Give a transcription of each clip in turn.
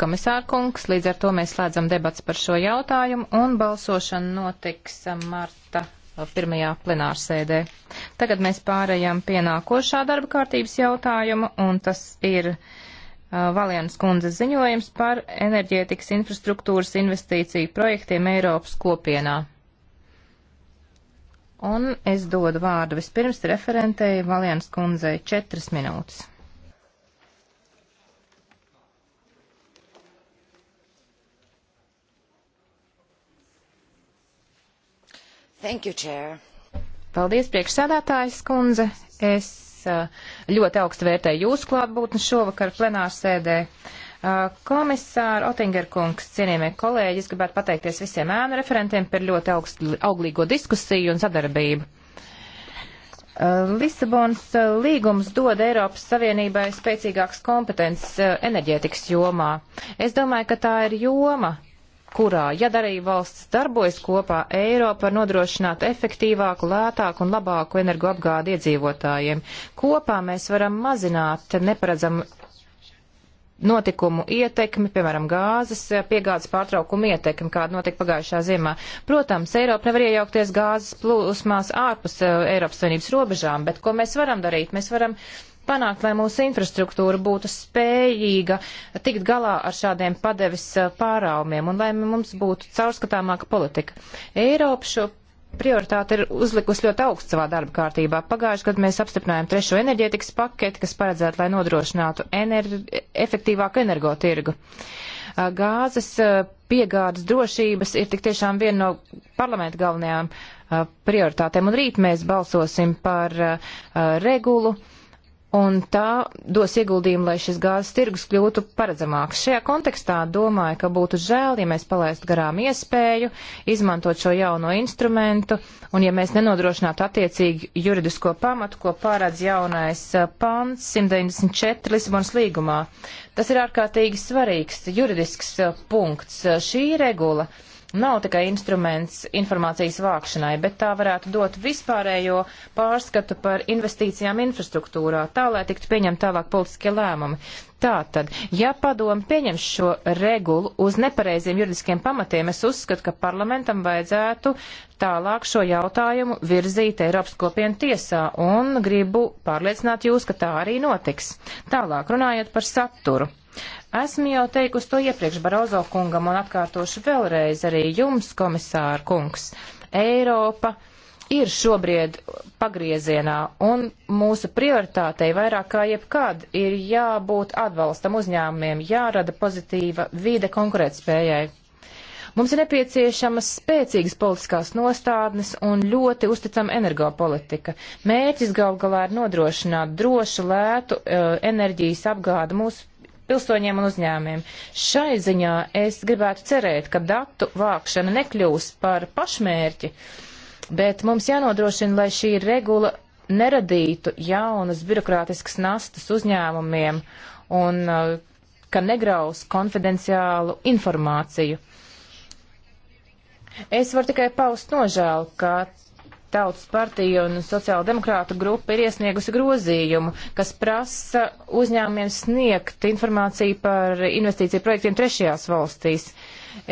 komisārkungs. Līdz ar to mēs slēdzam debats par šo jautājumu un balsošana notiks marta pirmajā plenārsēdē. Tagad mēs pārējām pie nākošā darba kārtības jautājuma un tas ir uh, Valienas kundzes ziņojums par enerģētikas infrastruktūras investīciju projektiem Eiropas kopienā. Un es dodu vārdu vispirms referentēji Valienas kundzei četras minūtes. Thank you, Chair. Paldies, priekšsēdētājs kundze. Es uh, ļoti augstu vērtēju jūsu klātbūtni šovakar plenārsēdē. Uh, Komisāra Otinger kungs, cienījamie kolēģi, es gribētu pateikties visiem ēnu referentiem par ļoti augstu, auglīgo diskusiju un sadarbību. Uh, Lisabons līgums dod Eiropas Savienībai spēcīgākas kompetences enerģētikas jomā. Es domāju, ka tā ir joma, kurā, ja darīja valsts darbojas kopā, Eiropa var nodrošināt efektīvāku, lētāku un labāku energoapgādi iedzīvotājiem. Kopā mēs varam mazināt neparedzamu notikumu ietekmi, piemēram, gāzes eh, piegādes pārtraukumu ietekmi, kāda notika pagājušā ziemā. Protams, Eiropa nevar iejaukties gāzes plūsmās ārpus eh, Eiropas Savienības robežām, bet ko mēs varam darīt? Mēs varam uh, panākt, lai mūsu infrastruktūra būtu spējīga tikt galā ar šādiem padevis eh, pāraumiem un lai mums būtu caurskatāmāka politika. Eiropa šo prioritāti ir uzlikusi ļoti augstu savā darba kārtībā. Pagājuši gadu mēs apstiprinājām trešo enerģētikas paketi, kas paredzētu, lai nodrošinātu energi, efektīvāku energotirgu. Eh, gāzes eh, piegādes drošības ir tik tiešām viena no parlamenta galvenajām prioritātēm, un rīt mēs balsosim par regulu. Uh, un tā dos ieguldījumu, lai šis gāzes tirgus kļūtu paredzamāks. Šajā kontekstā domāju, ka būtu žēl, ja mēs palaistu garām iespēju izmantot šo jauno instrumentu, un ja mēs nenodrošinātu attiecīgi juridisko pamatu, ko pārādz jaunais eh, pants 194 Lisabonas līgumā. Tas ir ārkārtīgi svarīgs juridisks eh, punkts. Šī regula. Uh, nav tikai instruments informācijas vākšanai, bet tā varētu dot vispārējo pārskatu par investīcijām infrastruktūrā, tā lai tiktu pieņemt tālāk politiskie lēmumi. Tātad, ja padomu pieņem šo regulu uz nepareiziem juridiskiem pamatiem, es uzskatu, ka parlamentam vajadzētu tālāk šo jautājumu virzīt Eiropas kopienu tiesā un gribu pārliecināt jūs, ka tā arī notiks. Tālāk runājot par saturu. Esmu jau teikusi to iepriekš Barozo kungam un atkārtošu vēlreiz arī jums, komisāra kungs. Eiropa ir šobrīd pagriezienā un mūsu prioritātei vairāk kā jebkad ir jābūt atbalstam uzņēmumiem, jārada pozitīva vīde konkurētspējai. Mums ir nepieciešamas spēcīgas politiskās nostādnes un ļoti uzticama energopolitika. Mērķis gal galā ir nodrošināt drošu, lētu eh, enerģijas apgādu mūsu pilsoņiem un uzņēmiem. Šai ziņā es gribētu cerēt, ka datu vākšana nekļūs par pašmērķi, bet mums jānodrošina, lai šī regula neradītu jaunas birokrātiskas nastas uzņēmumiem un uh, ka negraus konfidenciālu informāciju. Es varu tikai paust nožēlu, ka Tautas partija un sociāldemokrātu grupa ir iesniegusi grozījumu, kas prasa uzņēmumiem sniegt informāciju par investīciju projektiem trešajās valstīs.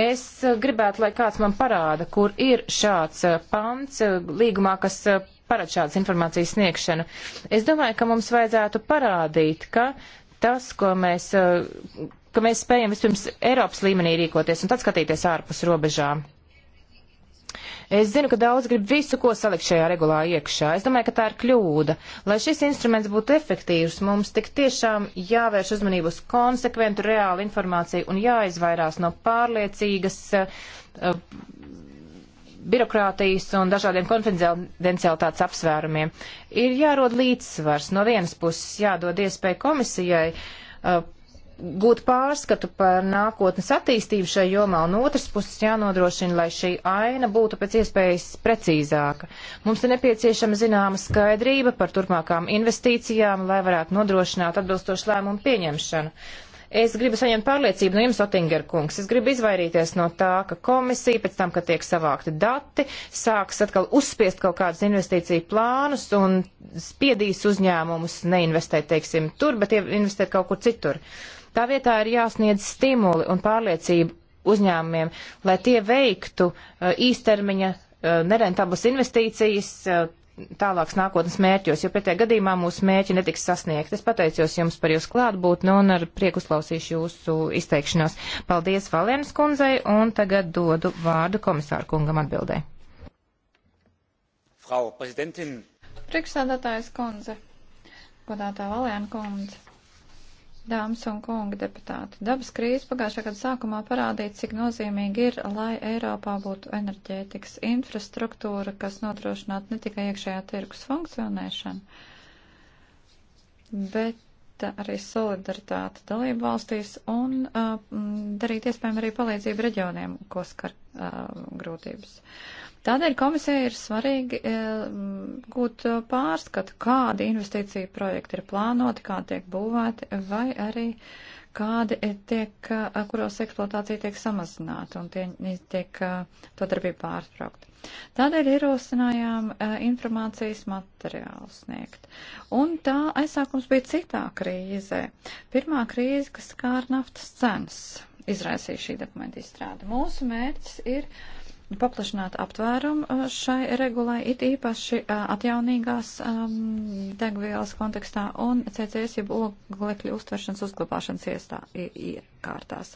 Es gribētu, lai kāds man parāda, kur ir šāds eh, pants eh, līgumā, kas eh, parāda šādas informācijas sniegšanu. Es domāju, ka mums vajadzētu parādīt, ka tas, ko mēs, ka mēs spējam vispirms Eiropas līmenī rīkoties un tad skatīties ārpus robežām. Es zinu, ka daudz grib visu, ko salikt šajā regulā iekšā. Es domāju, ka tā ir kļūda. Lai šis instruments būtu efektīvs, mums tik tiešām jāvērš uzmanību uz konsekventu reālu informāciju un jāizvairās no pārliecīgas uh, birokrātijas un dažādiem konfidencialitātes apsvērumiem. Ir jārod līdzsvars. No vienas puses jādod iespēju komisijai uh, gūt pārskatu par nākotnes attīstību šai jomā, un otrs puses jānodrošina, lai šī aina būtu pēc iespējas precīzāka. Mums ir nepieciešama zināma skaidrība par turpmākām investīcijām, lai varētu nodrošināt atbilstošu lēmumu pieņemšanu. Es gribu saņemt pārliecību no jums, Otinger kungs. Es gribu izvairīties no tā, ka komisija pēc tam, kad tiek savākti dati, sāks atkal uzspiest kaut kādus investīciju plānus un spiedīs uzņēmumus neinvestēt, teiksim, tur, bet investēt kaut kur citur. Uh, Tā vietā ir jāsniedz stimuli un pārliecība uzņēmumiem, lai tie veiktu uh, īstermiņa uh, nerentablas investīcijas uh, tālāks nākotnes mērķos, jo pretējā gadījumā mūsu mērķi netiks sasniegt. Es pateicos jums par jūsu klātbūtni un ar prieku uzklausīšu jūsu izteikšanos. Paldies Valēnas kundzei un tagad dodu vārdu komisāru kungam atbildē. Frau prezidentin. Priekšsēdētājs kundze, godātā Valēna kundze. Dāmas un kungi deputāti, dabas krīze pagājušā gada sākumā parādīja, cik nozīmīgi ir, lai Eiropā būtu enerģētikas infrastruktūra, kas nodrošinātu ne tikai iekšējā tirgus funkcionēšanu, bet arī solidaritāti dalību valstīs un uh, darīt iespējami arī palīdzību reģioniem, ko skar uh, grūtības. Uh, Tādēļ komisija ir svarīgi eh, gūt eh, pārskatu, kādi investīcija projekti ir plānoti, kā tiek būvēti, vai arī kādi eh, tiek, kuros eksploatācija tiek samazināta un tie tiek to darbību pārtraukta. Tādēļ ierosinājām informācijas materiālu sniegt. Un tā aizsākums bija citā krīzē. Pirmā krīze, kas skār naftas cenas, izraisīja šī dokumenta izstrāde. Mūsu mērķis ir paplašināt aptvērumu uh, šai regulai, it īpaši uh, atjaunīgās um, degvielas kontekstā un CCS jeb oglekļu uztveršanas uzglabāšanas iestā, iekārtās.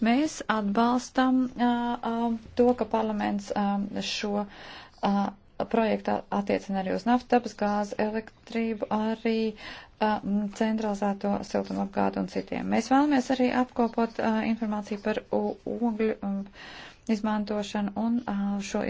Mēs atbalstam uh, uh, to, ka parlaments um, šo uh, projektu attiecina arī uz naftas, gāzi, elektrību, arī uh, centralizēto siltumapgādu un citiem. Mēs vēlamies arī apkopot uh, informāciju par ogļu. Um, izmantošanu un šo.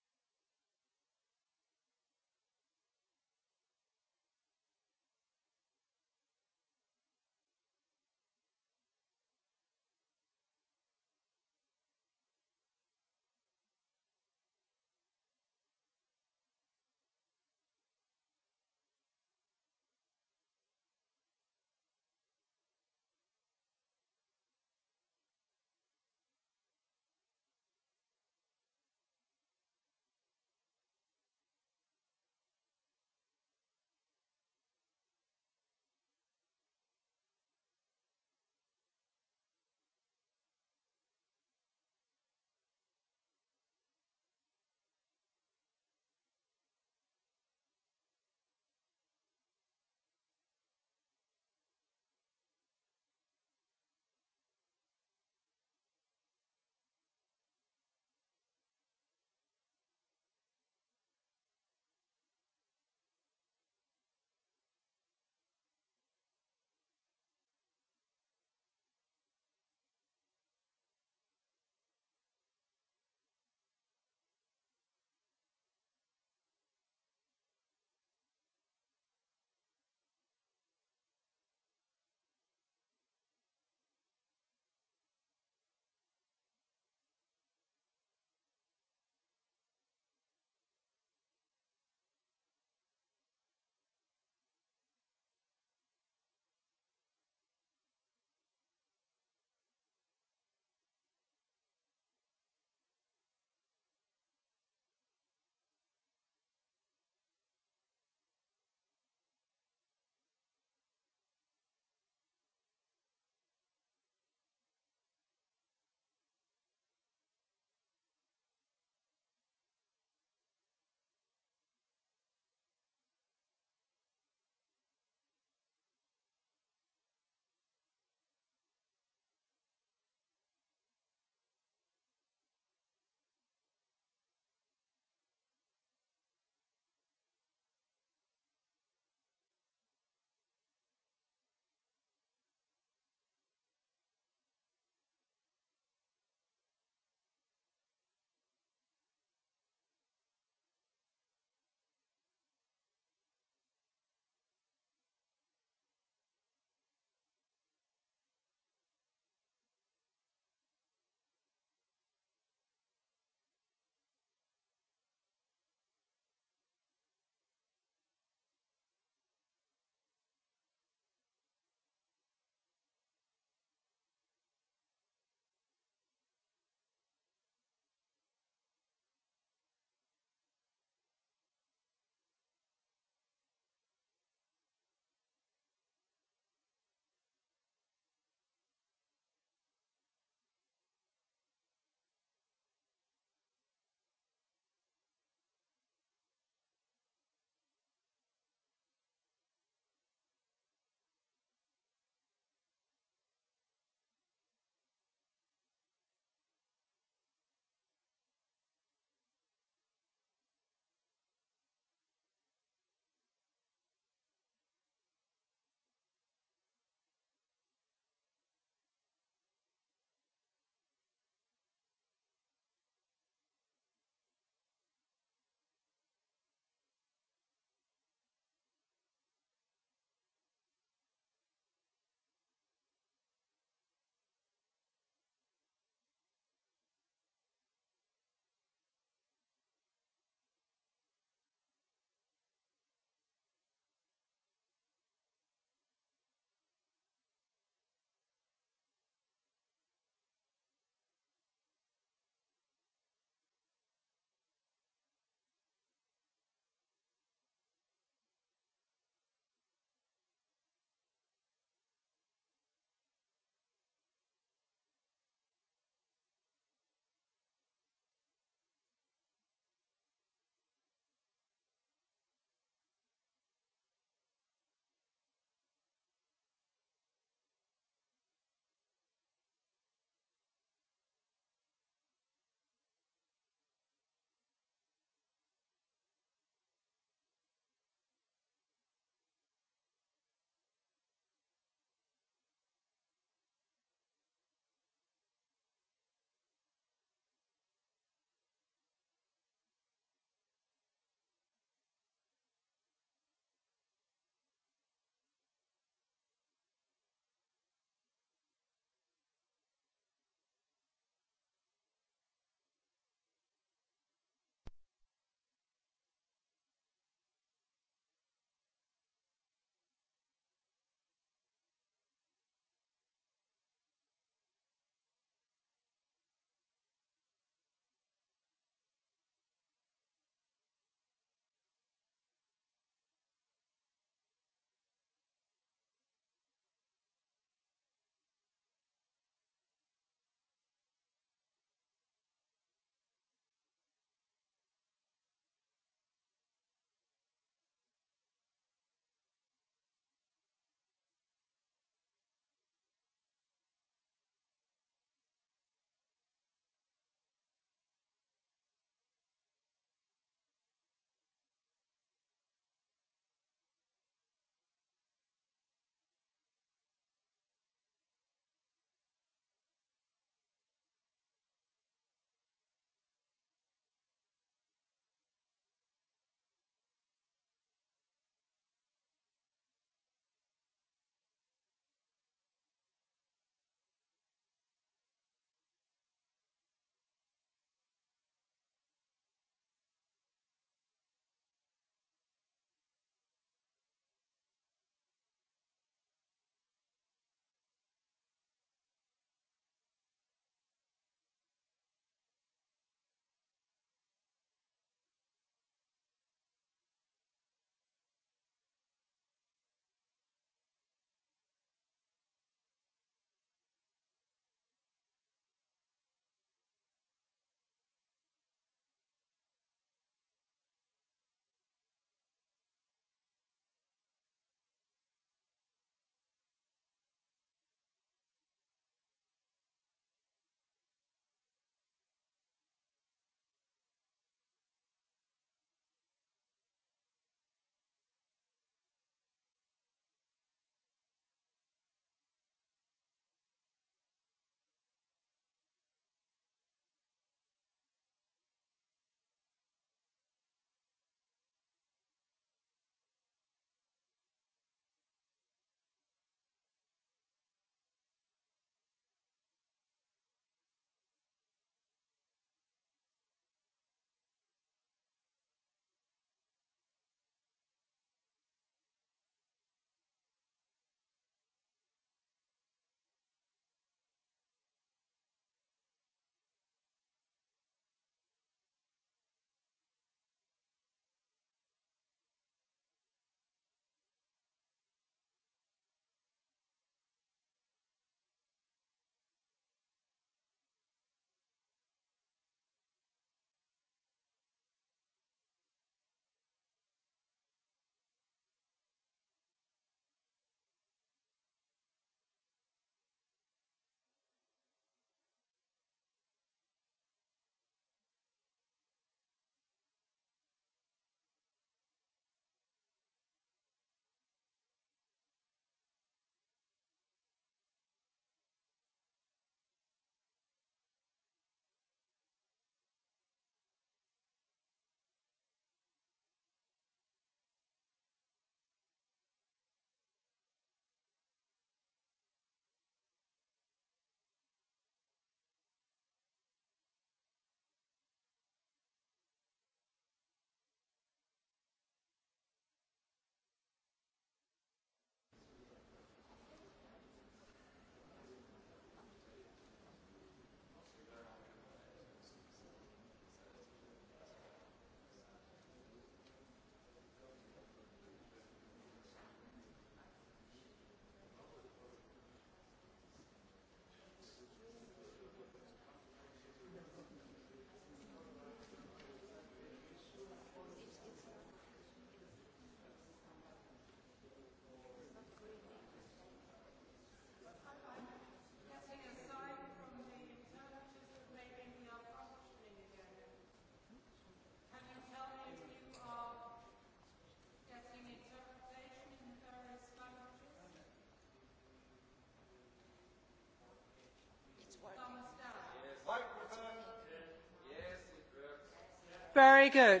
Very good.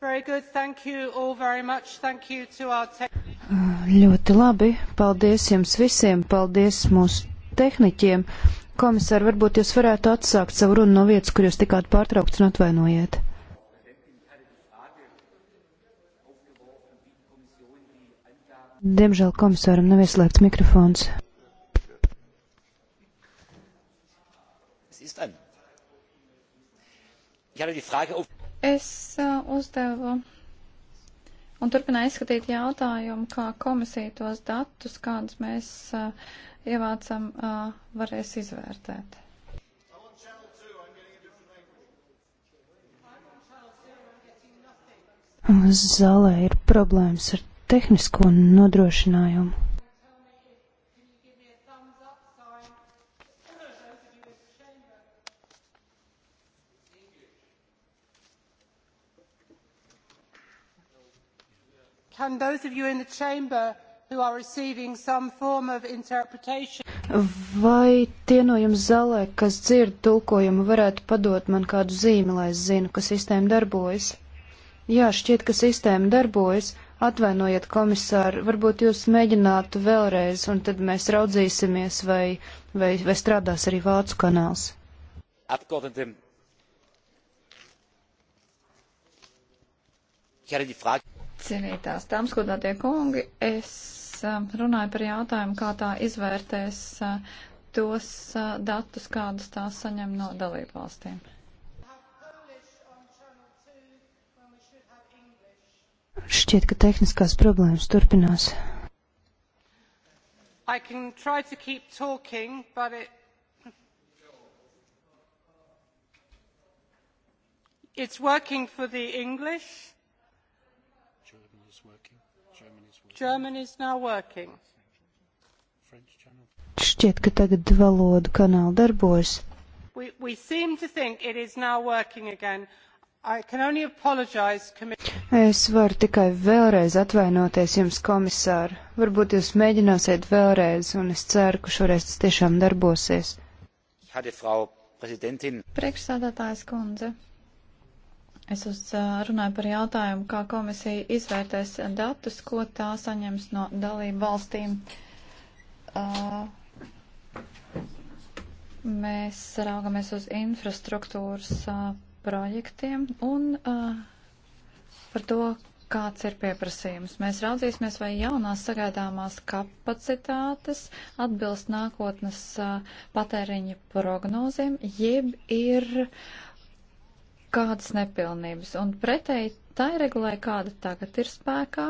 Very good. Thank you all very much. Thank you to our Ļoti labi. Paldies jums visiem. Paldies mūsu tehniķiem. Komisār, varbūt jūs varētu atsākt savu runu no vietas, kur jūs tikāt pārtraukts un atvainojiet. Diemžēl komisāram nav ieslēgts mikrofons. Es uh, uzdevu un turpināju izskatīt jautājumu, kā komisija tos datus, kādus mēs uh, ievācam, uh, varēs izvērtēt. Zālē ir problēmas ar tehnisko nodrošinājumu. can those of you in the chamber who are receiving some form of interpretation Vai tie no jums zālē, kas dzird tulkojumu, varētu padot man kādu zīmi, lai es zinu, ka sistēma darbojas? Jā, šķiet, ka sistēma darbojas. Atvainojiet, komisāri, varbūt jūs mēģinātu vēlreiz, un tad mēs raudzīsimies, vai, vai, vai strādās arī vācu kanāls. Abgeordnete, ich hatte die Frage. Cienītās dāmas, godātie kungi, es um, runāju par jautājumu, kā tā izvērtēs uh, tos uh, datus, kādus tā saņem no dalību valstīm. Šķiet, ka tehniskās problēmas turpinās. Talking, it... It's working for the English. Šķiet, ka tagad valodu kanāli darbojas. We, we es varu tikai vēlreiz atvainoties jums, komisāri. Varbūt jūs mēģināsiet vēlreiz, un es ceru, ka šoreiz tas tiešām darbosies. Priekšsādātājs kundze, Es uz, runāju par jautājumu, kā komisija izvērtēs datus, ko tā saņems no dalību valstīm. Uh, mēs raugamies uz infrastruktūras uh, projektiem un uh, par to, kāds ir pieprasījums. Mēs raudzīsimies, vai jaunās sagaidāmās kapacitātes atbilst nākotnes patēriņa prognozēm, jeb ir kādas nepilnības. Un pretēji tai regulē, kāda tagad ir spēkā,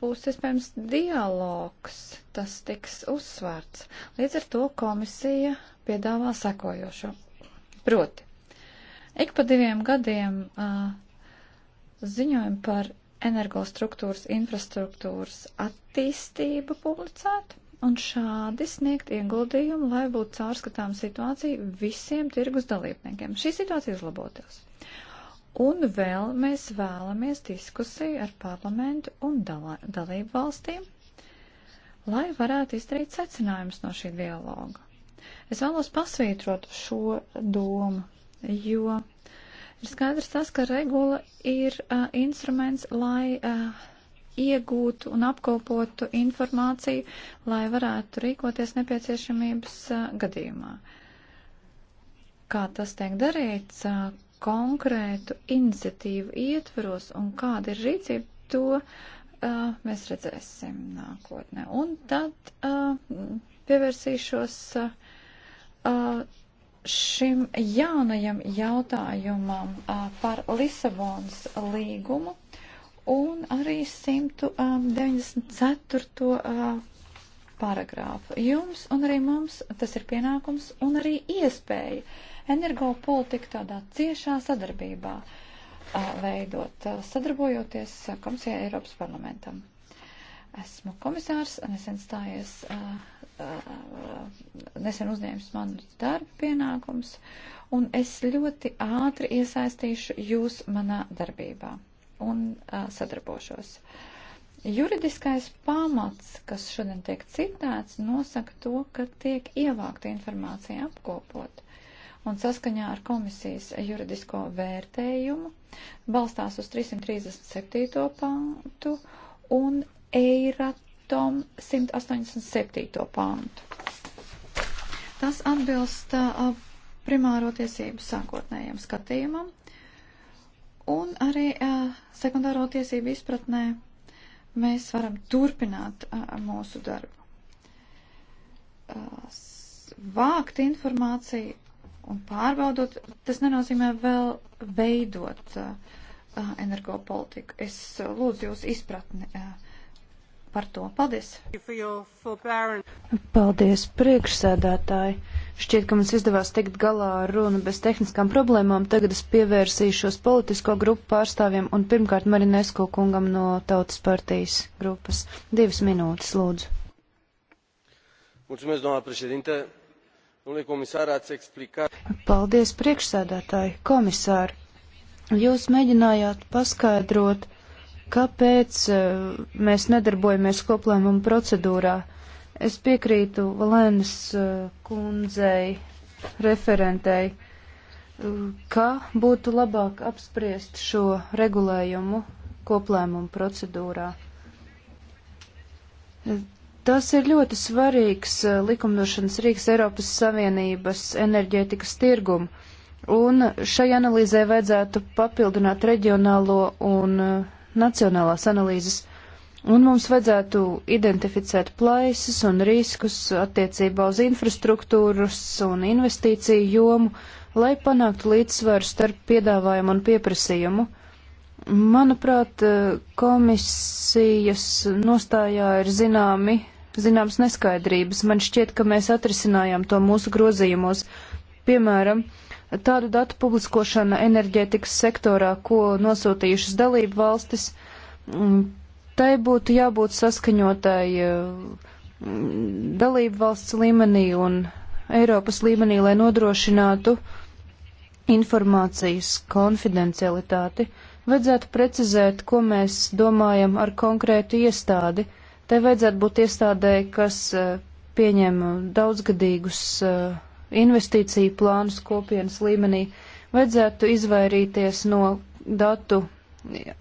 būs iespējams dialogs, tas tiks uzsvērts. Līdz ar to komisija piedāvā sekojošo. Proti, ik pa diviem gadiem uh, ziņojumi par energostruktūras infrastruktūras attīstību publicētu un šādi sniegt ieguldījumu, lai būtu caurskatām situācija visiem tirgus dalībniekiem. Šī situācija uzlabotos. Un vēl mēs vēlamies diskusiju ar parlamentu un dalā, dalību valstīm, lai varētu izdarīt secinājumus no šī dialoga. Es vēlos pasvītrot šo domu, jo ir skaidrs tas, ka regula ir uh, instruments, lai uh, iegūtu un apkopotu informāciju, lai varētu rīkoties nepieciešamības gadījumā. Kā tas tiek darīts konkrētu iniciatīvu ietvaros un kāda ir rīcība, to mēs redzēsim nākotnē. Un tad pievērsīšos šim jaunajam jautājumam par Lisabonas līgumu un arī 194. Um, uh, paragrāfu. Jums un arī mums tas ir pienākums un arī iespēja energopolitika tādā ciešā sadarbībā uh, veidot, uh, sadarbojoties komisijai Eiropas parlamentam. Esmu komisārs, nesen stājies, nesen uzņēmis manu darbu pienākums, un es ļoti ātri iesaistīšu jūs manā darbībā un uh, sadarbošos. Juridiskais pamats, kas šodien tiek citēts, nosaka to, ka tiek ievākta informācija apkopot. Un saskaņā ar komisijas juridisko vērtējumu balstās uz 337. pantu un Eiratom 187. pantu. Tas atbilst uh, primāro tiesību sākotnējiem skatījumam, Un arī uh, sekundāro tiesību izpratnē mēs varam turpināt uh, mūsu darbu. Uh, vākt informāciju un pārbaudot, tas nenozīmē vēl veidot uh, energopolitiku. Es lūdzu jūs izpratni. Uh, par to. Paldies! Paldies, priekšsēdētāji! Šķiet, ka mums izdevās tikt galā ar runu bez tehniskām problēmām. Tagad es pievērsīšos politisko grupu pārstāvjiem un pirmkārt Marinesko kungam no Tautas partijas grupas. Divas minūtes, lūdzu. Mulțumesc, doamna președinte. Domnule comisar, ați explicat. Paldies, priekšsēdētāji, komisāri. Jūs mēģinājāt paskaidrot Kāpēc eh, mēs nedarbojamies koplēmumu procedūrā? Es piekrītu Valēnas eh, kundzei, referentei, eh, ka būtu labāk apspriest šo regulējumu koplēmumu procedūrā. Tas ir ļoti svarīgs likumdošanas rīks Eiropas Savienības enerģētikas tirgumu, un šai analīzē vajadzētu papildināt reģionālo un nacionālās analīzes, un mums vajadzētu identificēt plaisas un riskus attiecībā uz infrastruktūras un investīciju jomu, lai panāktu līdzsvaru starp piedāvājumu un pieprasījumu. Manuprāt, komisijas nostājā ir zināmi, zināms neskaidrības. Man šķiet, ka mēs atrisinājām to mūsu grozījumos. Piemēram, uh, tādu datu publiskošana enerģētikas sektorā, ko nosūtījušas dalību valstis, mm, tai būtu jābūt saskaņotai mm, dalību valsts līmenī un Eiropas līmenī, lai nodrošinātu informācijas konfidencialitāti. Vajadzētu precizēt, ko mēs domājam ar konkrētu iestādi. Te vajadzētu būt iestādē, kas eh, pieņem daudzgadīgus uh, investīciju plānus kopienas līmenī, vajadzētu izvairīties no datu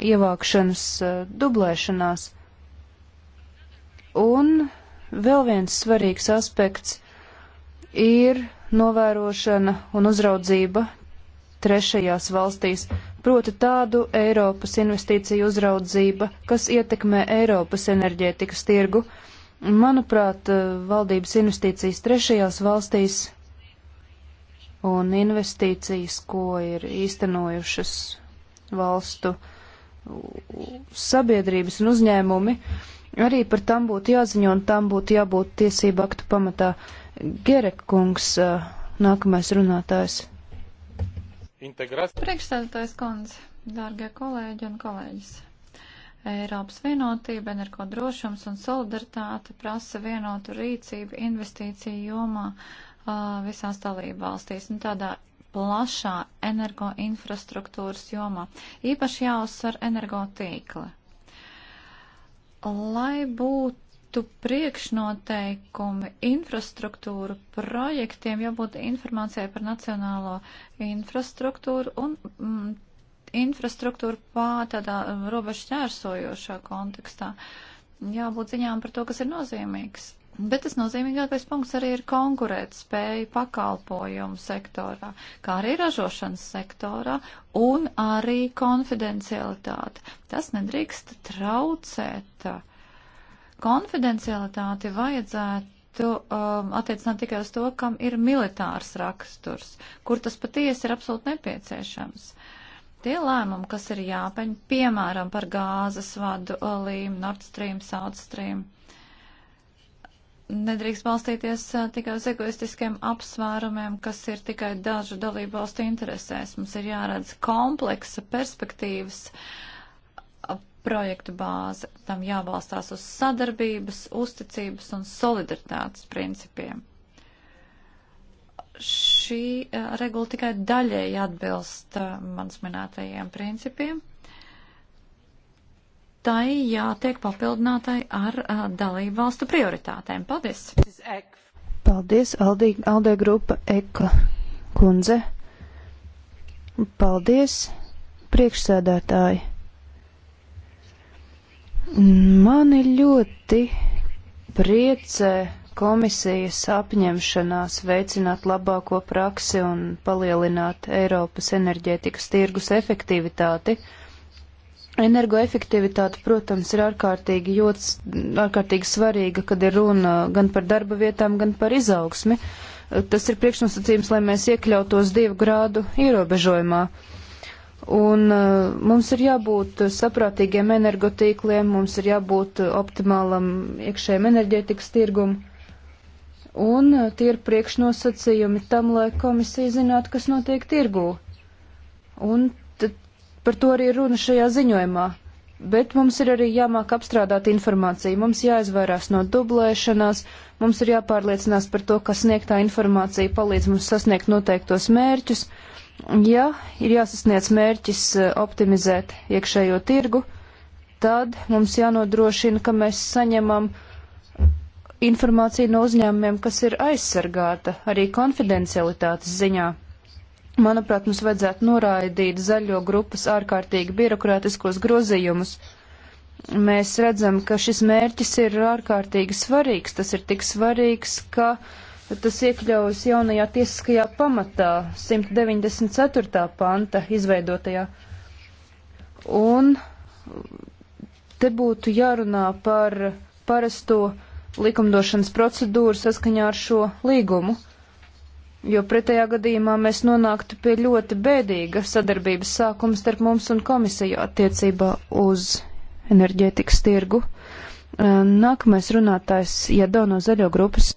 ievākšanas eh, dublēšanās. Un vēl viens svarīgs aspekts ir novērošana un uzraudzība trešajās valstīs, proti tādu Eiropas investīciju uzraudzība, kas ietekmē Eiropas enerģētikas tirgu. Manuprāt, eh, valdības investīcijas trešajās valstīs un investīcijas, ko ir īstenojušas valstu sabiedrības un uzņēmumi, arī par tam būtu jāziņo un tam būtu jābūt tiesību aktu pamatā. Gerek kungs, nākamais runātājs. Integrācija. Priekšstādātājs kundze, dārgie kolēģi un kolēģis. Eiropas vienotība, energo drošums un solidaritāte prasa vienotu rīcību investīciju jomā, visās dalību valstīs un nu, tādā plašā energoinfrastruktūras jomā. Īpaši jāuzsver energotīkli. Lai būtu priekšnoteikumi infrastruktūru projektiem, jābūt informācijai par nacionālo infrastruktūru un mm, infrastruktūru pār tādā mm, robežu ķērsojošā kontekstā. Jābūt ziņām par to, kas ir nozīmīgs. Bet tas nozīmīgākais punkts arī ir konkurēt spēju pakalpojumu sektorā, kā arī ražošanas sektorā un arī konfidencialitāte. Tas nedrīkst traucēt. Konfidencialitāti vajadzētu um, attiecināt tikai uz to, kam ir militārs raksturs, kur tas patiesi ir absolūti nepieciešams. Tie lēmumi, kas ir jāpeņ, piemēram, par gāzes vadu uh, līmu, Nord Stream, South Stream nedrīkst balstīties tikai uz egoistiskiem apsvērumiem, kas ir tikai dažu dalību valstu interesēs. Mums ir jāredz kompleksa perspektīvas projektu bāze. Tam jābalstās uz sadarbības, uzticības un solidaritātes principiem. Šī regula tikai daļēji atbilst mans minētajiem principiem tai jātiek papildinātai ar uh, dalību valstu prioritātēm. Paldies! Paldies, Aldī, Aldē grupa Eka kundze. Paldies, priekšsēdētāji. Mani ļoti priecē komisijas apņemšanās veicināt labāko praksi un palielināt Eiropas enerģētikas tirgus efektivitāti. Uh, Energoefektivitāte, protams, ir ārkārtīgi, jūtas, ārkārtīgi svarīga, kad ir runa gan par darba vietām, gan par izaugsmi. Tas ir priekšnosacījums, lai mēs iekļautos divu grādu ierobežojumā. Un uh, mums ir jābūt saprātīgiem energotīkliem, mums ir jābūt optimālam iekšējiem enerģētikas tirgum. Un uh, tie ir priekšnosacījumi tam, lai komisija zinātu, kas notiek tirgū. Un Par to arī runa šajā ziņojumā. Bet mums ir arī jāmāk apstrādāt informāciju, mums jāizvairās no dublēšanās, mums ir jāpārliecinās par to, ka sniegtā informācija palīdz mums sasniegt noteiktos mērķus. Ja ir jāsasniedz mērķis eh, optimizēt iekšējo tirgu, tad mums jānodrošina, ka mēs saņemam informāciju no uzņēmumiem, kas ir aizsargāta arī konfidencialitātes ziņā. Manuprāt, mums vajadzētu noraidīt zaļo grupas ārkārtīgi birokrātiskos grozījumus. Mēs redzam, ka šis mērķis ir ārkārtīgi svarīgs. Tas ir tik svarīgs, ka tas iekļaujas jaunajā tiesiskajā pamatā, 194. panta izveidotajā. Un te būtu jārunā par parasto likumdošanas procedūru saskaņā ar šo līgumu jo pretējā gadījumā mēs nonāktu pie ļoti bēdīga sadarbības sākuma starp mums un komisiju attiecībā uz enerģētikas tirgu. Nākamais runātājs Jado no Zaļo grupas.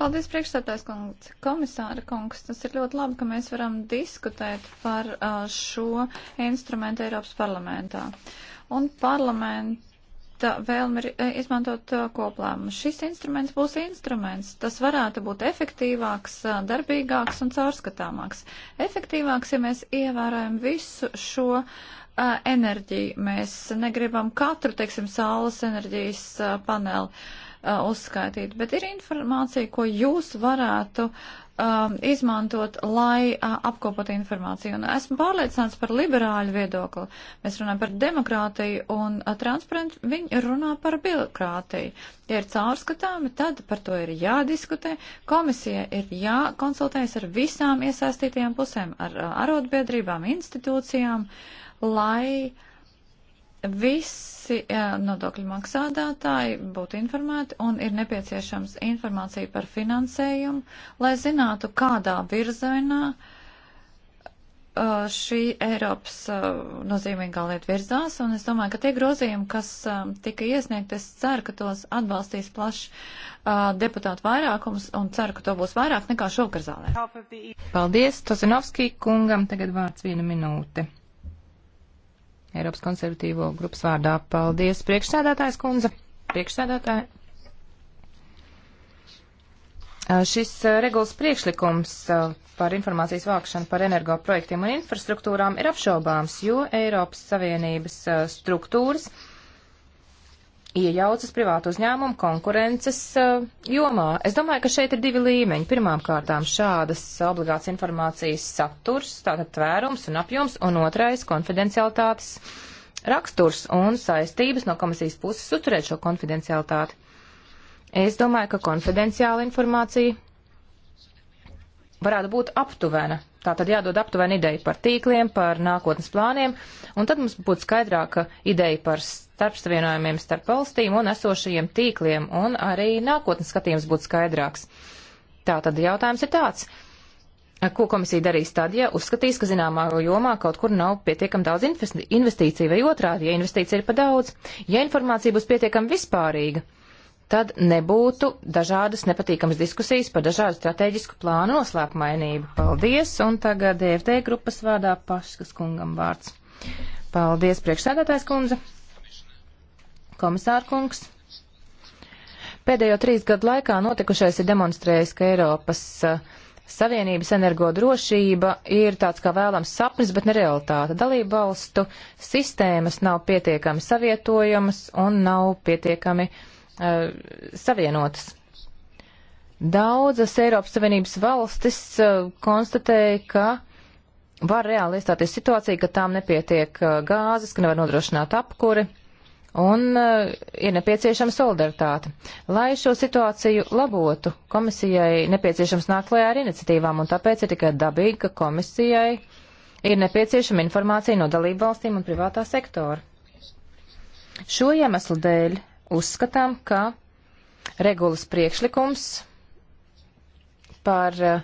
Paldies, priekšstādājs kungs, komisāra kungs. Tas ir ļoti labi, ka mēs varam diskutēt par šo instrumentu Eiropas parlamentā. Un parlament vēlme ir eh, izmantot eh, koplēmu. Šis instruments būs instruments. Tas varētu būt efektīvāks, eh, darbīgāks un caurskatāmāks. Efektīvāks, ja mēs ievērojam visu šo enerģiju. Mēs negribam katru, teiksim, saules enerģijas paneli uzskaitīt, bet ir informācija, ko jūs varētu uh, um, izmantot, lai uh, apkopot informāciju. Un esmu pārliecināts par liberāļu viedokli. Mēs runājam par demokrātiju un uh, transparentu, viņi runā par birokrātiju. Ja ir caurskatāmi, tad par to ir jādiskutē. Komisija ir jākonsultējas ar visām iesaistītajām pusēm, ar uh, arotbiedrībām, institūcijām, lai uh, visi nodokļu maksādātāji būtu informēti un ir nepieciešams informācija par finansējumu, lai zinātu, kādā virzienā šī Eiropas nozīmīgā lieta virzās. Un es domāju, ka tie grozījumi, kas tika iesniegti, es ceru, ka tos atbalstīs plašs deputātu vairākums un ceru, ka to būs vairāk nekā šovakar zālē. Paldies, Tozinovskij kungam. Tagad vārds viena minūte. Eiropas konservatīvo grupas vārdā. Paldies, priekšsēdētājs kundze. Priekšsēdētāji. Šis regulas priekšlikums par informācijas vākšanu par energoprojektiem un infrastruktūrām ir apšaubāms, jo Eiropas Savienības struktūras uh, iejaucas privātu uzņēmumu konkurences uh, jomā. Es domāju, ka šeit ir divi līmeņi. Pirmām kārtām šādas obligāts informācijas saturs, tātad tvērums un apjoms, un otrais konfidencialitātes raksturs un saistības no komisijas puses uzturēt šo konfidencialitāti. Es domāju, ka konfidenciāla informācija varētu būt aptuvena. Tātad jādod aptuvena ideja par tīkliem, par nākotnes plāniem, un tad mums būtu skaidrāka ideja par starp savienojumiem starp valstīm un esošajiem tīkliem, un arī nākotnes skatījums būtu skaidrāks. Tā tad jautājums ir tāds. Ko komisija darīs tad, ja uzskatīs, ka zināmā jomā kaut kur nav pietiekami daudz investīciju vai otrādi, ja investīcija ir pa daudz, ja informācija būs pietiekami vispārīga, tad nebūtu dažādas nepatīkamas diskusijas par dažādu strateģisku plānu noslēpumainību. Paldies, un tagad DFT grupas vārdā Paškas kungam vārds. Paldies, priekšsēdētājs kundze komisārkungs. Pēdējo trīs gadu laikā notikušais ir demonstrējis, ka Eiropas eh, Savienības energodrošība ir tāds kā vēlams sapnis, bet nerealitāte. Dalību valstu sistēmas nav pietiekami savietojamas un nav pietiekami uh, savienotas. Daudzas Eiropas Savienības valstis uh, konstatēja, ka var reāli iestāties situācija, ka tām nepietiek uh, gāzes, ka nevar nodrošināt apkuri un uh, ir nepieciešama solidaritāte. Lai šo situāciju labotu, komisijai nepieciešams nākt klajā ar iniciatīvām, un tāpēc ir tikai dabīgi, ka komisijai ir nepieciešama informācija no dalību valstīm un privātā sektora. Šo iemeslu dēļ uzskatām, ka regulas priekšlikums par uh,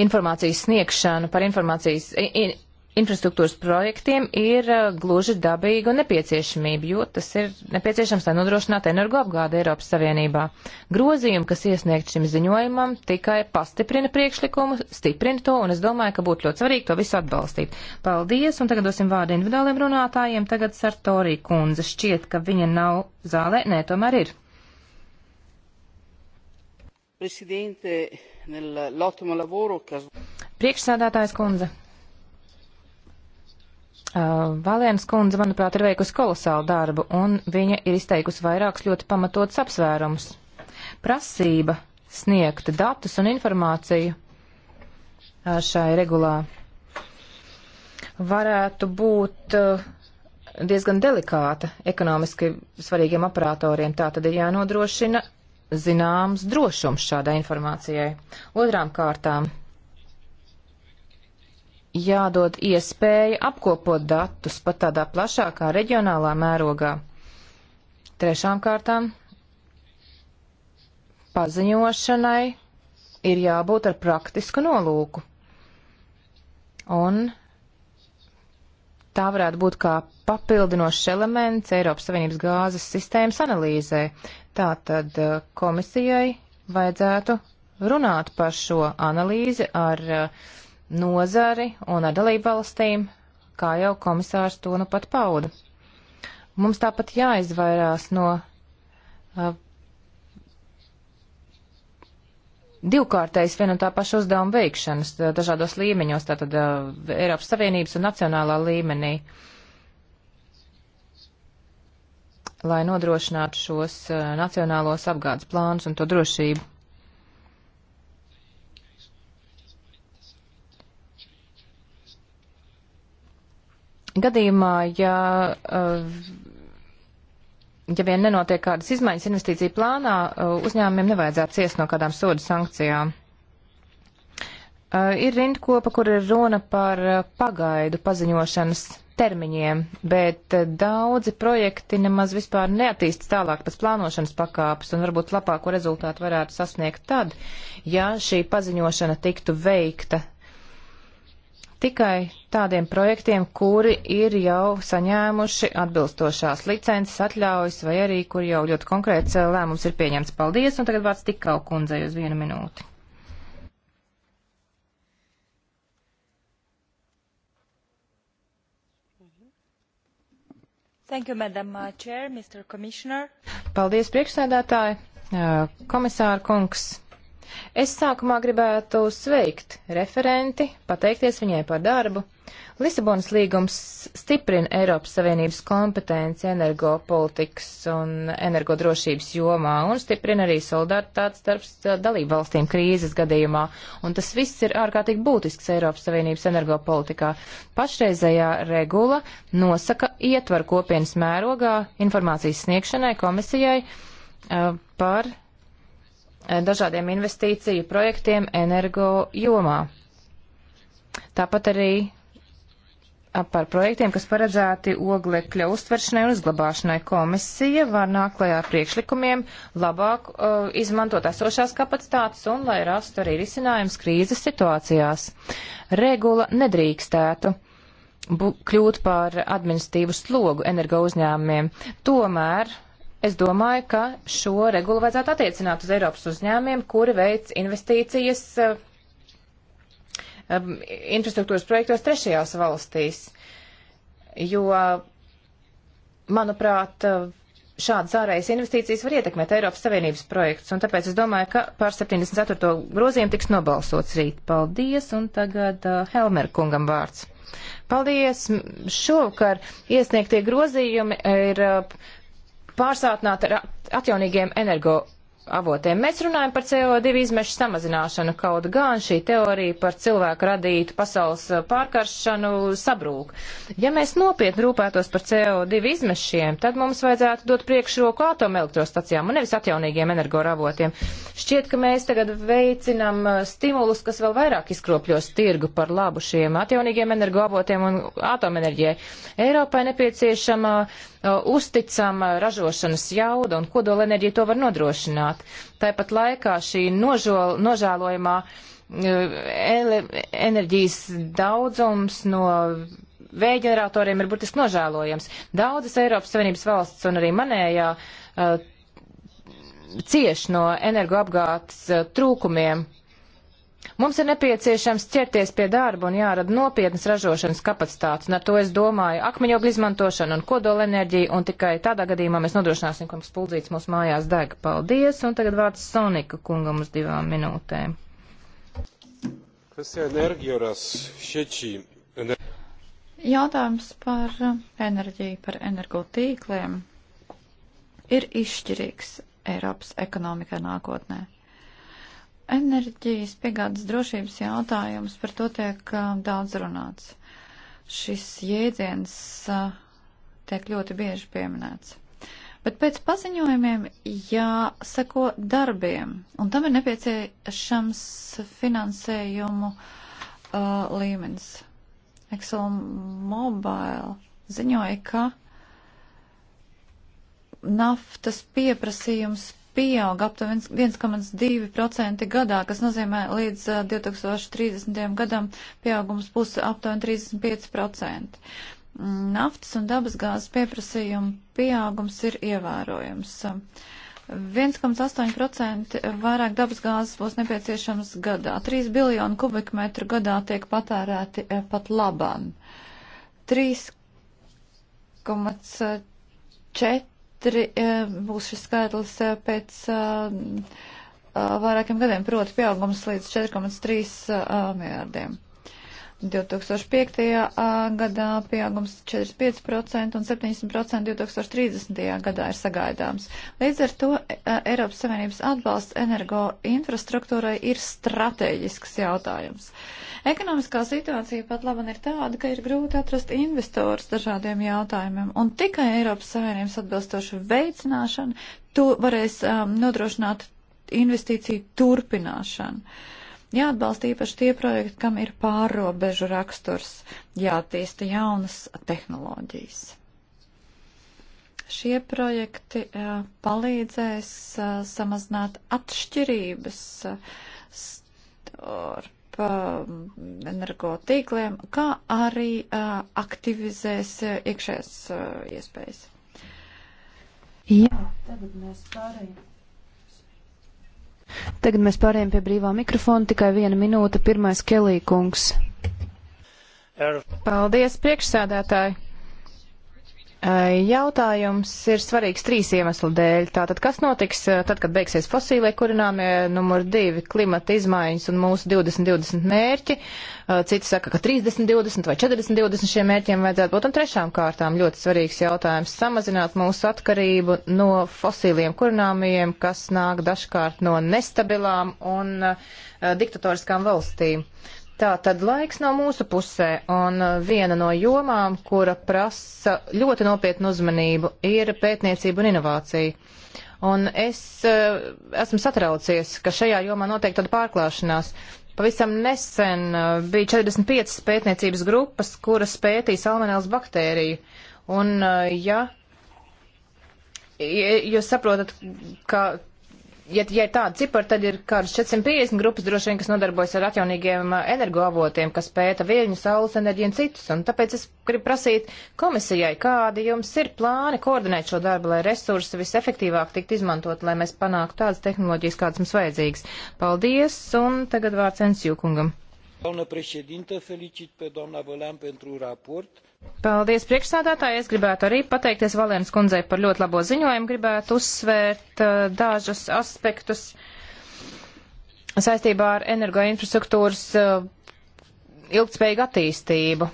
informācijas sniegšanu, par informācijas, in, infrastruktūras projektiem ir eh, gluži dabīga nepieciešamība, jo tas ir nepieciešams, lai nodrošinātu energoapgādi Eiropas Savienībā. Grozījumi, kas iesniegt šim ziņojumam, tikai pastiprina priekšlikumu, stiprina to, un es domāju, ka būtu ļoti svarīgi to visu atbalstīt. Paldies, un tagad dosim vārdu individuāliem runātājiem. Tagad Sartorī kundze šķiet, ka viņa nav zālē. Nē, tomēr ir. Priekšsēdētājs kundze. Uh, Valēnas kundze, manuprāt, ir veikusi kolosālu darbu, un viņa ir izteikusi vairākus ļoti pamatots apsvērumus. Prasība sniegt datus un informāciju uh, šai regulā varētu būt uh, diezgan delikāta ekonomiski svarīgiem operatoriem. Tā tad ir jānodrošina zināms drošums šādai informācijai. Otrām kārtām jādod iespēja apkopot datus pat tādā plašākā reģionālā mērogā. Trešām kārtām paziņošanai ir jābūt ar praktisku nolūku. Un tā varētu būt kā papildinošs elements Eiropas Savienības gāzes sistēmas analīzē. Tātad eh, komisijai vajadzētu runāt par šo analīzi ar uh, nozari un ar dalībvalstīm, kā jau komisārs to nu pat pauda. Mums tāpat jāizvairās no uh, divkārtais vien un tā paša uzdevuma veikšanas uh, dažādos līmeņos, tātad uh, Eiropas Savienības un nacionālā līmenī, lai nodrošinātu šos uh, nacionālos apgādes plānus un to drošību. Gadījumā, ja, eh, ja vien nenotiek kādas izmaiņas investīciju plānā, eh, uzņēmumiem nevajadzētu ciest no kādām sodu sankcijām. Eh, ir rindkopa, kur ir runa par pagaidu paziņošanas termiņiem, bet daudzi projekti nemaz vispār neattīstas tālāk pēc plānošanas pakāpes, un varbūt labāko rezultātu varētu sasniegt tad, ja šī paziņošana tiktu veikta tikai tādiem projektiem, kuri ir jau saņēmuši atbilstošās licences, atļaujas vai arī, kur jau ļoti konkrēts eh, lēmums ir pieņemts. Paldies, un tagad vārds tikau kundzei uz vienu minūti. You, madam, uh, chair, Paldies, priekšsēdētāji, uh, komisāra kungs. Es sākumā gribētu sveikt referenti, pateikties viņai par darbu. Lisabonas līgums stiprina Eiropas Savienības kompetenci energopolitikas un energodrošības jomā un stiprina arī solidaritātes starp dalību valstīm krīzes gadījumā. Un tas viss ir ārkārtīgi būtisks Eiropas Savienības energopolitikā. Pašreizējā regula nosaka ietvaru kopienas mērogā informācijas sniegšanai komisijai uh, par Eh, dažādiem investīciju projektiem energo jomā. Tāpat arī par projektiem, kas paredzēti oglekļa uztveršanai un uzglabāšanai. Komisija var nākt klajā ar priekšlikumiem, labāk uh, izmantot esošās kapacitātes un lai rastu arī risinājums krīzes situācijās. Regula nedrīkstētu kļūt par administīvu slogu energo uzņēmumiem. Tomēr Es domāju, ka šo regulu vajadzētu attiecināt uz Eiropas uzņēmiem, kuri veic investīcijas uh, infrastruktūras projektos trešajās valstīs. Jo, manuprāt, šādas ārējas investīcijas var ietekmēt Eiropas Savienības projekts, un tāpēc es domāju, ka par 74. grozījumu tiks nobalsots rīt. Paldies, un tagad uh, Helmer kungam vārds. Paldies! Šovakar iesniegtie grozījumi ir eh, pārsātināta ar atjaunīgiem energo avotiem. Mēs runājam par CO2 izmešu samazināšanu, kaut gan šī teorija par cilvēku radītu pasaules eh, pārkaršanu sabrūk. Ja mēs nopietni rūpētos par CO2 izmešiem, tad mums vajadzētu dot priekšroku atomelektrostacijām un nevis atjaunīgiem energoravotiem. Šķiet, ka mēs tagad veicinam eh, stimulus, kas vēl vairāk izkropļos tirgu par labu šiem atjaunīgiem energoavotiem un atomenerģijai. Eiropai nepieciešama uh, Uh, uzticama ražošanas jauda un kodolenerģija to var nodrošināt. Tāpat laikā šī nožol, nožēlojamā uh, ele, enerģijas daudzums no vējģeneratoriem ir burtiski nožēlojams. Daudzas Eiropas Savienības valsts un arī manējā uh, cieš no energoapgādes uh, trūkumiem. Mums ir nepieciešams ķerties pie darba un jārada nopietnas ražošanas kapacitātes, un ar to es domāju akmeņogļu izmantošanu un kodolenerģiju, un tikai tādā gadījumā mēs nodrošināsim, ka mums puldzīts mūsu mājās deg. Paldies, un tagad vārds Sonika kungam uz divām minūtēm. Jautājums par uh, enerģiju, par energotīkliem ir izšķirīgs Eiropas ekonomikai nākotnē. Enerģijas piegādes drošības jautājums par to tiek daudz runāts. Šis jēdziens tiek ļoti bieži pieminēts. Bet pēc paziņojumiem jāseko darbiem, un tam ir nepieciešams finansējumu uh, līmenis. Excel Mobile ziņoja, ka naftas pieprasījums pieauga aptuveni 1,2% gadā, kas nozīmē līdz 2030. gadam pieaugums būs aptuveni 35%. Mm, naftas un dabasgāzes pieprasījuma pieaugums ir ievērojams. 1,8% vairāk dabasgāzes būs nepieciešams gadā. 3 biljonu kubikmetru gadā tiek patērēti pat labam. 3,4 četri eh, būs šis skaitlis eh, pēc eh, vairākiem gadiem, proti pieaugums līdz 4,3 miljārdiem. 2005. gadā pieaugums 45% un 70% 2030. gadā ir sagaidāms. Līdz ar to e, Eiropas Savienības atbalsts energo infrastruktūrai ir strateģisks jautājums. Ekonomiskā situācija pat laban ir tāda, ka ir grūti atrast investors dažādiem jautājumiem, un tikai Eiropas Savienības atbilstoša veicināšana to varēs um, nodrošināt investīciju turpināšanu. Uh, Jāatbalsta īpaši tie projekti, kam ir pārrobežu raksturs, jātīsta jaunas tehnoloģijas. Šie projekti uh, palīdzēs uh, samazināt atšķirības starp pa energotīkliem, kā arī uh, aktivizēs iekšējās uh, iespējas. Jā, tagad mēs pārējām. Tagad mēs pārējām pie brīvā mikrofona, tikai viena minūte, pirmais Kelīkungs. Er- Paldies, priekšsēdētāji! Jautājums ir svarīgs trīs iemeslu dēļ. Tātad, kas notiks tad, kad beigsies fosīlie kurināmie, numur divi - klimata izmaiņas un mūsu 2020 mērķi. Citi saka, ka 30-20 vai 40-20 šiem mērķiem vajadzētu būt. Un trešām kārtām ļoti svarīgs jautājums - samazināt mūsu atkarību no fosīliem kurināmiem, kas nāk dažkārt no nestabilām un diktatoriskām valstīm. Tā tad laiks nav mūsu pusē, un uh, viena no jomām, kura prasa ļoti nopietnu uzmanību, ir pētniecība un inovācija. Un es uh, esmu satraucies, ka šajā jomā notiek tāda pārklāšanās. Pavisam nesen uh, bija 45 pētniecības grupas, kuras pētīja salmonēlas baktēriju. Un, ja jūs saprotat, ka ja, ja ir tāda cipara, tad ir kādas 450 grupas droši vien, kas nodarbojas ar atjaunīgiem energoavotiem, kas pēta viļņu, saules enerģiju un citus. Un tāpēc es gribu prasīt komisijai, kādi jums ir plāni koordinēt šo darbu, lai resursi visefektīvāk tiktu izmantot, lai mēs panāktu tādas tehnoloģijas, kādas mums vajadzīgas. Paldies, un tagad vārds Ensjūkungam. Doamnă președintă, felicit pe doamna Vălean pentru raport. Paldies priekšsādātāji. Es gribētu arī pateikties Valēnas kundzei par ļoti labo ziņojumu. Gribētu uzsvērt uh, dažus aspektus saistībā ar energoinfrastruktūras uh, ilgspējīgu attīstību.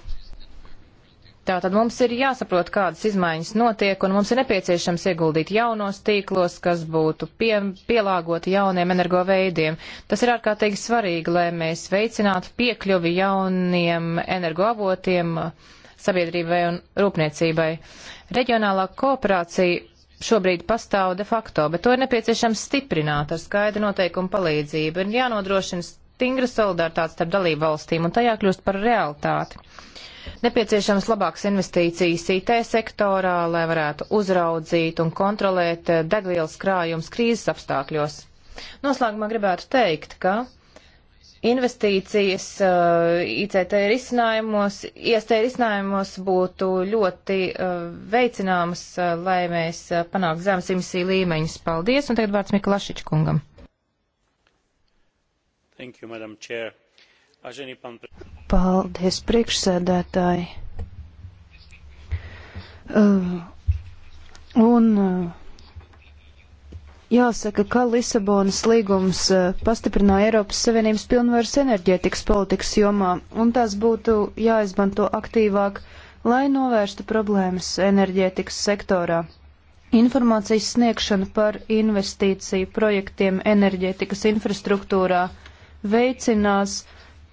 Tātad mums ir jāsaprot, kādas izmaiņas notiek, un mums ir nepieciešams ieguldīt jaunos tīklos, kas būtu pie, pielāgoti jauniem energoveidiem. Tas ir ārkārtīgi svarīgi, lai mēs veicinātu piekļuvi jauniem energoavotiem. Uh, sabiedrībai un rūpniecībai. Reģionālā kooperācija šobrīd pastāv de facto, bet to ir nepieciešams stiprināt ar skaidru noteikumu palīdzību. Ir jānodrošina stingra solidaritāte starp dalību valstīm un tajā kļūst par realitāti. Nepieciešams labāks investīcijas IT sektorā, lai varētu uzraudzīt un kontrolēt degvielas krājums krīzes apstākļos. Noslēgumā gribētu teikt, ka investīcijas uh, eh, ICT risinājumos, IST risinājumos būtu ļoti uh, veicināmas, uh, lai mēs uh, panāktu zemes emisiju līmeņus. Paldies, un tagad vārds Mikulašič kungam. Thank you, Madam Chair. Aženi, pan... Paldies, priekšsēdētāji. Uh, un uh, Jāsaka, ka Lisabonas līgums eh, pastiprināja Eiropas Savienības pilnvaras enerģētikas politikas jomā, un tās būtu jāizmanto aktīvāk, lai novērstu problēmas enerģētikas sektorā. Informācijas sniegšana par investīciju projektiem enerģētikas infrastruktūrā veicinās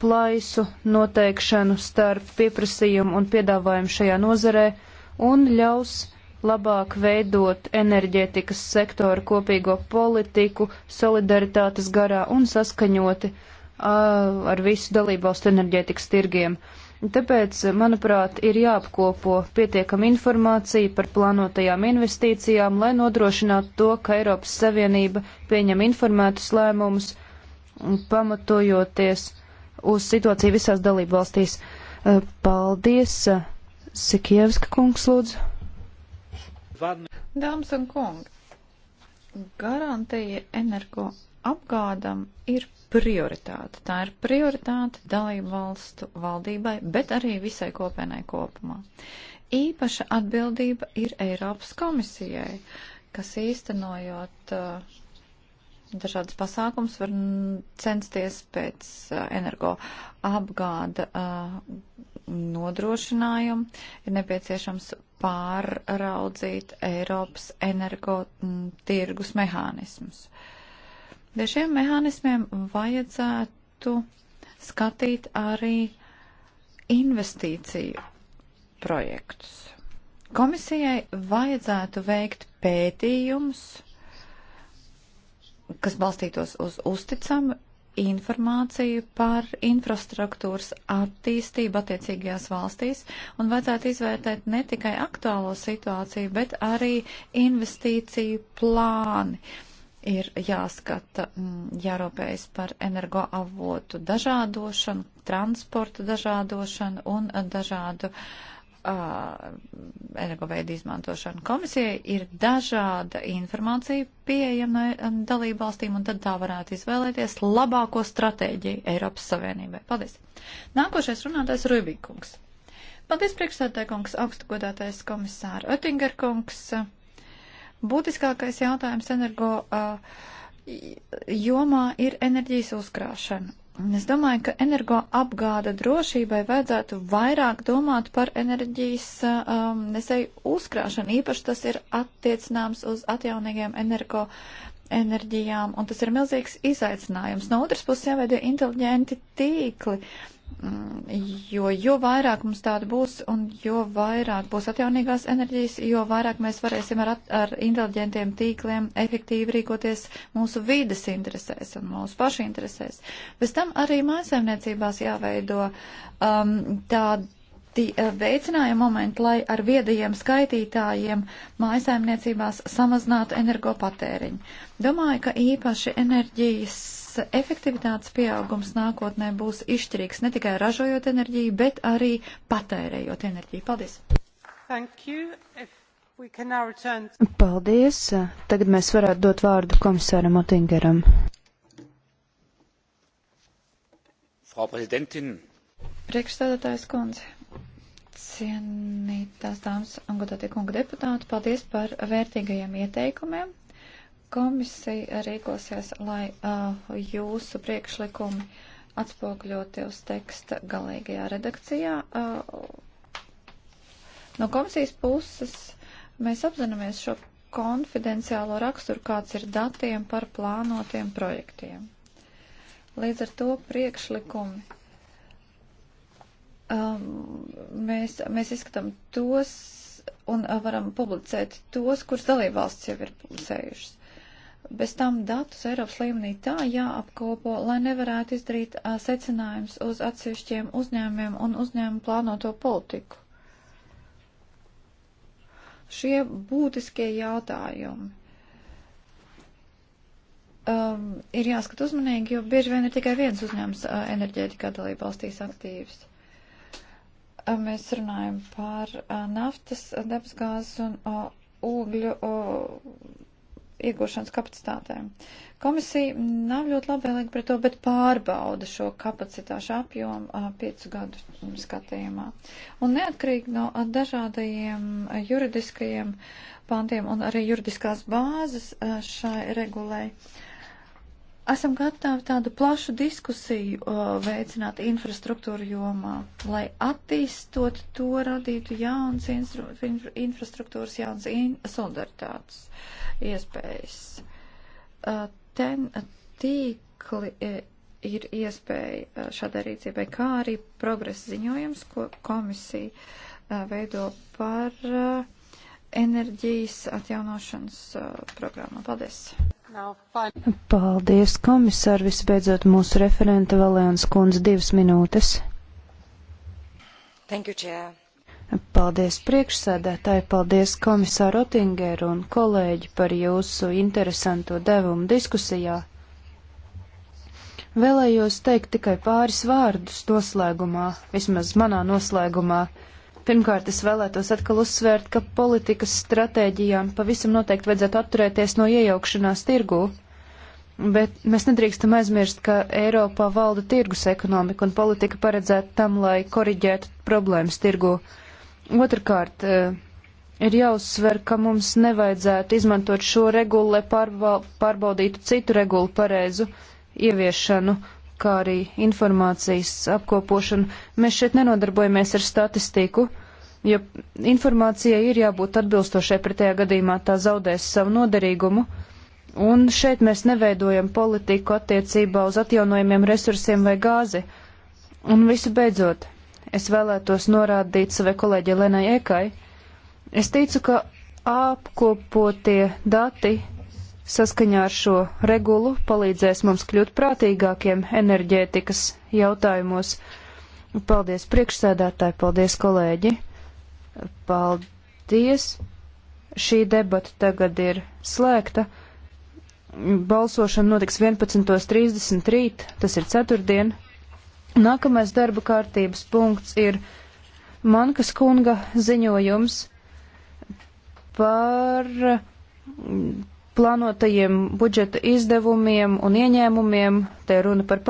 plaisu noteikšanu starp pieprasījumu un piedāvājumu šajā nozarē un ļaus labāk veidot enerģētikas sektoru kopīgo politiku solidaritātes garā un saskaņoti ar visu dalībvalstu enerģētikas tirgiem. Tāpēc, manuprāt, ir jāapkopo pietiekama informācija par plānotajām investīcijām, lai nodrošinātu to, ka Eiropas Savienība pieņem informētus lēmumus, pamatojoties uz situāciju visās dalībvalstīs. Paldies! Sikievska kungs lūdzu. Dāmas un kungi, garantija energo apgādam ir prioritāte. Tā ir prioritāte dalību valstu valdībai, bet arī visai kopienai kopumā. Īpaša atbildība ir Eiropas komisijai, kas īstenojot uh, dažādas pasākums var censties pēc uh, energo apgāda uh, nodrošinājumu. Ir nepieciešams pārraudzīt Eiropas energotirgus mehānismus. Pie šiem mehānismiem vajadzētu skatīt arī investīciju projektus. Komisijai vajadzētu veikt pētījumus, kas balstītos uz uzticamu informāciju par infrastruktūras attīstību attiecīgajās valstīs un vajadzētu izvērtēt ne tikai aktuālo situāciju, bet arī investīciju plāni. Ir jāskata, mm, jārūpējas par energoavotu dažādošanu, transportu dažādošanu un dažādu uh, uh, energoveidu izmantošanu. Komisijai ir dažāda informācija pieejama um, dalību valstīm, un tad tā varētu izvēlēties labāko stratēģiju Eiropas Savienībai. Paldies! Nākošais runātais Rubikungs. Paldies, priekšsēdētājkungs, augstgadātais komisāra Oettingerkungs. Būtiskākais jautājums energo uh, jomā ir enerģijas uzkrāšana Es domāju, ka energoapgāda drošībai vajadzētu vairāk domāt par enerģijas um, nesēju uzkrāšanu. Īpaši tas ir attiecināms uz atjaunīgiem energo enerģijām, un tas ir milzīgs izaicinājums. No otras puses jāveido inteliģenti tīkli, mm, jo, jo vairāk mums tāda būs, un jo vairāk būs atjaunīgās enerģijas, jo vairāk mēs varēsim ar, ar inteliģentiem tīkliem efektīvi rīkoties mūsu vides interesēs un mūsu pašu interesēs. Bez tam arī mājasēmniecībās jāveido um, tāda ļoti e, veicināja momentu, lai ar viedajiem skaitītājiem mājasēmniecībās samazinātu energopatēriņu. Domāju, ka īpaši enerģijas efektivitātes pieaugums nākotnē būs izšķirīgs ne tikai ražojot enerģiju, bet arī patērējot enerģiju. Paldies! Return... Paldies! Tagad mēs varētu dot vārdu komisāram Otingeram. Frau Präsidentin! Priekšstādātājs kundze! Cienītās dāmas un godātie kunga deputāti, paldies par vērtīgajiem ieteikumiem. Komisija rīkosies, lai uh, jūsu priekšlikumi atspogļoties teksta galīgajā redakcijā. Uh, no komisijas puses mēs apzināmies šo konfidenciālo raksturu, kāds ir datiem par plānotiem projektiem. Līdz ar to priekšlikumi um, mēs, mēs izskatām tos un uh, varam publicēt tos, kurus dalībvalsts jau ir publicējušas. Bez tam datus Eiropas līmenī tā jāapkopo, lai nevarētu izdarīt uh, secinājums uz atsevišķiem uzņēmumiem un uzņēmumu plānoto politiku. Šie būtiskie jautājumi um, ir jāskat uzmanīgi, jo bieži vien ir tikai viens uzņēmums uh, enerģētikā dalība valstīs aktīvs. Uh, mēs runājam par naftas, debesgāzes un ūgļu iegūšanas kapacitātēm. Komisija nav ļoti labvēlīga pret to, bet pārbauda šo kapacitāšu apjomu piecu gadu skatījumā. Un neatkarīgi no dažādajiem juridiskajiem pantiem un arī juridiskās bāzes šai regulai, uh, Esam gatavi tādu plašu diskusiju uh, veicināt infrastruktūru jomā, lai attīstot to, radītu jauns instru, infrastruktūras, jauns in, solidaritātes iespējas. Uh, ten uh, tīkli e, ir iespēja uh, šādai rīcībai, kā arī progresa ziņojums, ko komisija uh, veido par uh, enerģijas atjaunošanas uh, programmu. Paldies! Paldies, komisār. Visbeidzot, mūsu referenta Valēnas kundze divas minūtes. Thank you, Chair. Paldies priekšsēdētāji, paldies komisāru Otingeru un kolēģi par jūsu interesanto devumu diskusijā. Vēlējos teikt tikai pāris vārdus noslēgumā, vismaz manā noslēgumā. Uh, Pirmkārt, es vēlētos atkal uzsvērt, ka politikas stratēģijām pavisam noteikti vajadzētu atturēties no iejaukšanās tirgū, bet mēs nedrīkstam aizmirst, ka Eiropā valda tirgus ekonomika un politika paredzēta tam, lai koriģētu problēmas tirgū. Otrkārt, eh, ir jāuzsver, ka mums nevajadzētu izmantot šo regulu, lai pārbaudītu citu regulu pareizu ieviešanu kā arī informācijas apkopošanu. Mēs šeit nenodarbojamies ar statistiku, jo informācijai ir jābūt atbilstošai, pretējā gadījumā tā zaudēs savu noderīgumu. Un šeit mēs neveidojam politiku attiecībā uz atjaunojumiem resursiem vai gāzi. Un visu beidzot, es vēlētos norādīt savai kolēģi Lenai Ekai. Es ticu, ka apkopotie dati saskaņā ar šo regulu palīdzēs mums kļūt prātīgākiem enerģētikas jautājumos. Paldies priekšsēdētāji, paldies kolēģi. Paldies. Šī debata tagad ir slēgta. Balsošana notiks 11.30 rīt, tas ir ceturtdien. Nākamais darba kārtības punkts ir Mankas kunga ziņojums par plānotajiem budžeta izdevumiem un ieņēmumiem, te runa par